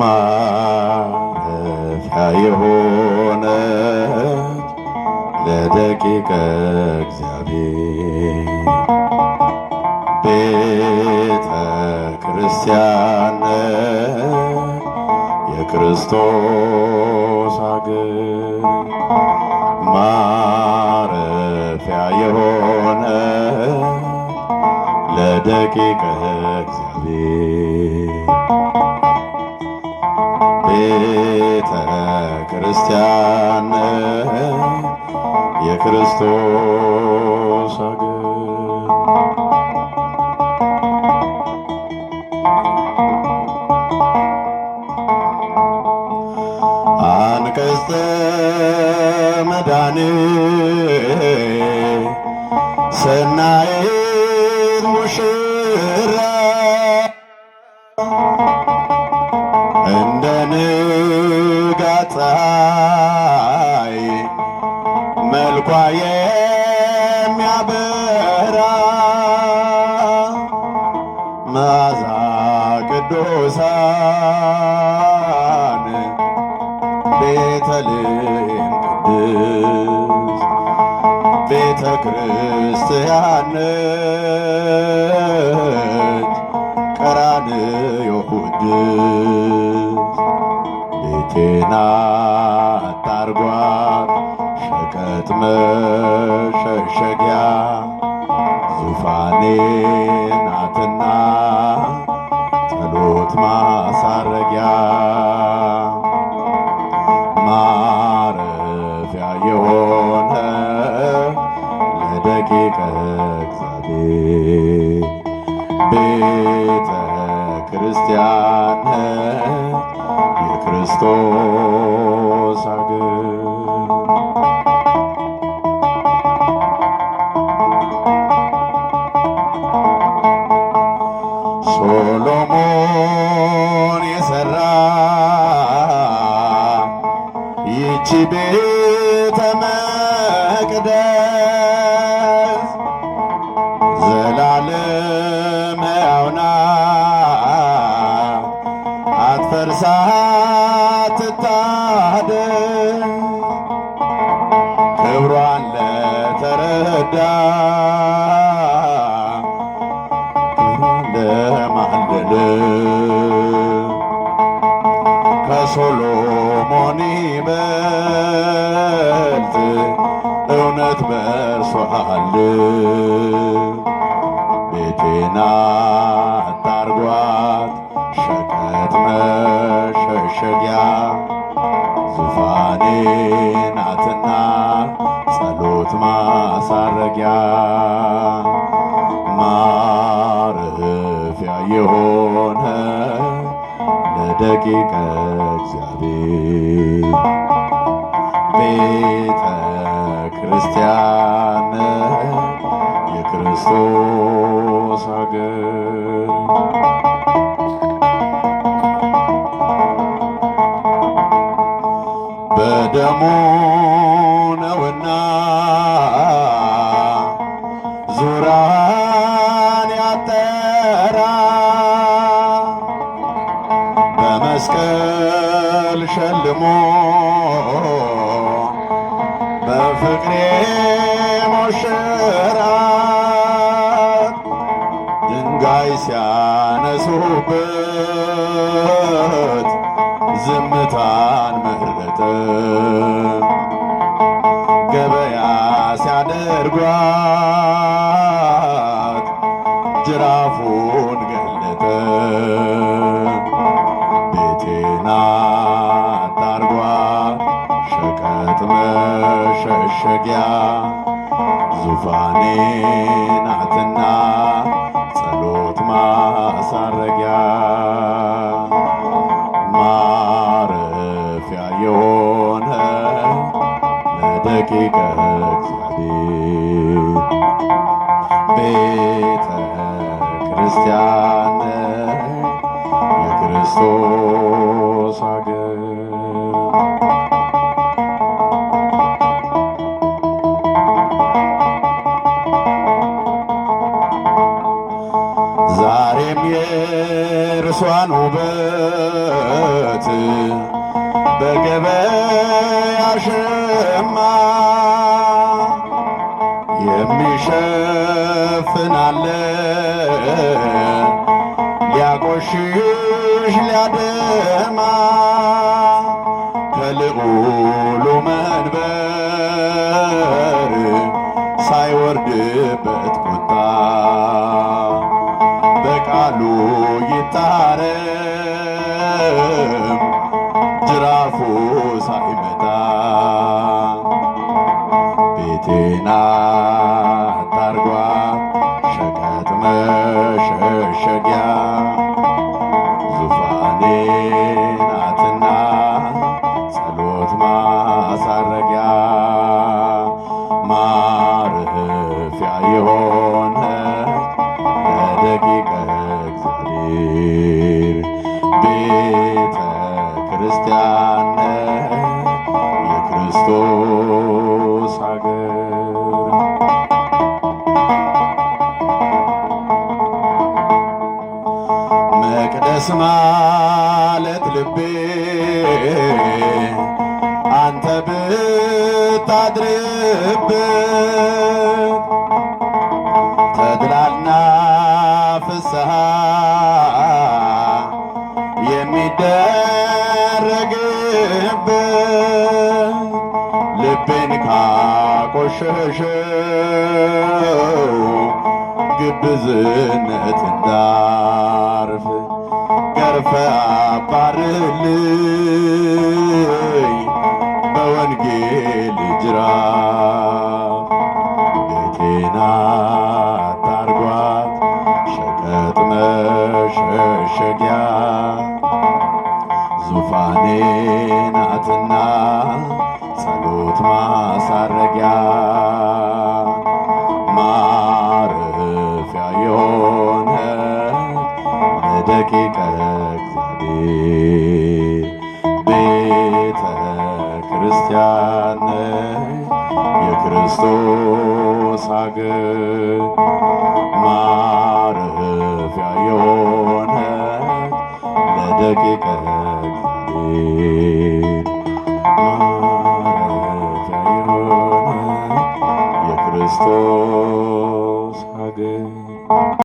ማረፊያ የሆነች ለደቂቀ እግዚአብሔር ቤተ ክርስቲያን የክርስቶስ አገር ማረፊያ የሆነ ለደቂቀ እግዚአብሔር ቤተ ክርስቲያን የክርስቶስ አገር አንቀጸ መድኃኒት እንኳ የሚያበራ መዓዛ ቅዱሳን ቤተልሔም ቅድስት ቤተ ክርስቲያን ቀራንዮ ቅድስት ቤቴና ታርጓት ሸቀጥ መሸሸጊያ ዙፋኔ ናትና ጸሎት ማሳረጊያ ማረፊያ የሆነ ለደቂቀ ቤተ ክርስቲያን የክርስቶስ ቤተ መቅደስ ዘላለም ሕያው ናት አትፈርሳም ክብሯን ለተረዳ ቤቴና አታርጓት ሸቀጥ መሸሸጊያ ዙፋኔ ናትና ጸሎት ማሳረጊያ ማረፊያ የሆነ ለደቂቀ እግዚአብሔር ቤተ ክርስቲያን ክርስቶስ ሀገር በደሙ ነውና ዙራን ያጠራ በመስቀል ሸልሞ በፍቅሬ ሞሸራ ሲያነሱበት ዝምታን መረጠ። ገበያ ሲያደርጓት ጅራፉን ገለጠ። ቤቴና ታርጓ ሸቀጥ መሸሸጊያ ዙፋኔ ናትና ማሳረጊያ ማረፊያ የሆነ ለደቂቀ እግዚአብሔር ቤተ ክርስቲያን የክርስቶስ ሸመት በገበያ ሸማ የሚሸ viver. ደስ ማለት ልቤ አንተ ብታድርበት ተድላና ፍስሐ የሚደረግበት ልቤን ካቆሸሸው ግብዝነት እንዳርፍ ያለፈ አባርልኝ በወንጌል ጅራፍ ገቴና ታርጓት ሸቀጥ መሸሸጊያ ዙፋኔ ናትና ጸሎት ማሳረጊያ ማረፊያ የሆነ ለደቂቀ ቤተ ክርስቲያን የክርስቶስ ሀገር ማረፊያ የሆነ ለደቂቀ ማረፊያ የሆነ የክርስቶስ